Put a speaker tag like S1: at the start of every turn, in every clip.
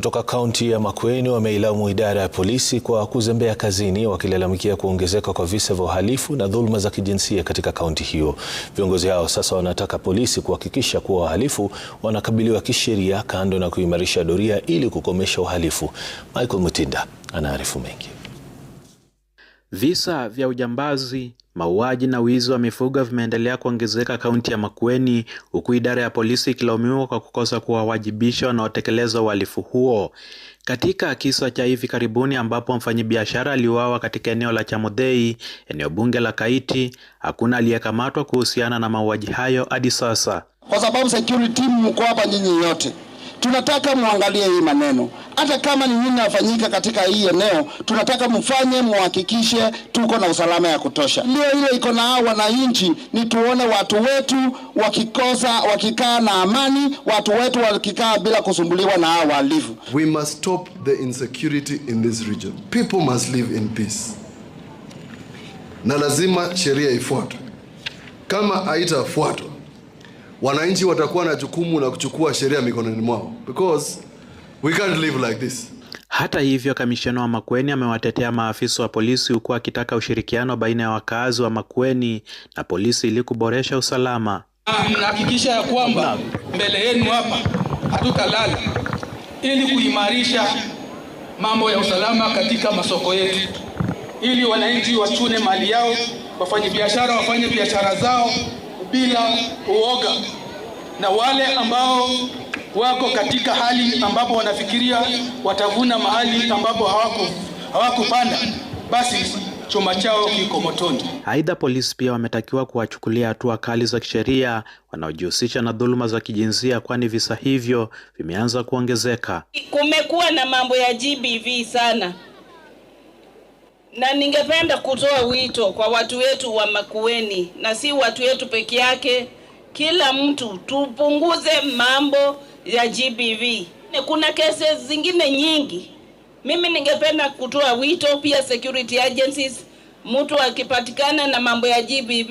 S1: Kutoka kaunti ya Makueni wameilaumu idara ya polisi kwa kuzembea kazini, wakilalamikia kuongezeka kwa visa vya uhalifu na dhuluma za kijinsia katika kaunti hiyo. Viongozi hao sasa wanataka polisi kuhakikisha kuwa wahalifu wanakabiliwa kisheria, kando na kuimarisha doria ili kukomesha uhalifu. Michael Mutinda anaarifu mengi.
S2: Visa vya ujambazi, Mauaji na wizi wa mifugo vimeendelea kuongezeka kaunti ya Makueni, huku idara ya polisi ikilaumiwa kwa kukosa kuwawajibisha wanaotekeleza uhalifu huo. Katika kisa cha hivi karibuni ambapo mfanyabiashara aliuawa katika eneo la Chamodhei, eneo bunge la Kaiti, hakuna aliyekamatwa kuhusiana na mauaji hayo hadi sasa,
S3: kwa sababu security mko hapa nyinyi yote tunataka muangalie hii maneno, hata kama ni nini nafanyika katika hii eneo, tunataka mfanye, muhakikishe tuko na usalama ya kutosha. Ndio ile iko na hao wananchi, ni tuone watu wetu wakikosa, wakikaa na amani, watu wetu wakikaa bila kusumbuliwa na hao wahalifu.
S4: We must stop the insecurity in this region, people must live in peace, na lazima sheria ifuatwe. Kama haitafuatwa wananchi watakuwa na jukumu la kuchukua sheria mikononi mwao because we can't live like this.
S2: Hata hivyo, kamishna wa makweni amewatetea maafisa wa polisi huku akitaka ushirikiano baina ya wakazi wa makweni na polisi ili kuboresha usalama.
S5: Mnahakikisha ya kwamba mbele yenu hapa hatutalala ili kuimarisha mambo ya usalama katika masoko yetu, ili wananchi wachune mali yao, wafanye biashara wafanye biashara zao bila uoga, na wale ambao wako katika hali ambapo wanafikiria watavuna mahali ambapo hawakupanda basi chuma chao kiko motoni.
S2: Aidha, polisi pia wametakiwa kuwachukulia hatua kali za kisheria wanaojihusisha na dhuluma za kijinsia, kwani visa hivyo vimeanza kuongezeka.
S6: Kumekuwa na mambo ya GBV sana na ningependa kutoa wito kwa watu wetu wa Makueni na si watu wetu peke yake, kila mtu tupunguze mambo ya GBV. Kuna kesi zingine nyingi. Mimi ningependa kutoa wito pia security agencies, mtu akipatikana na mambo ya GBV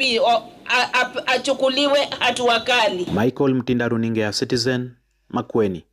S6: achukuliwe hatua kali.
S2: Michael Mtinda, runinga ya Citizen, Makueni.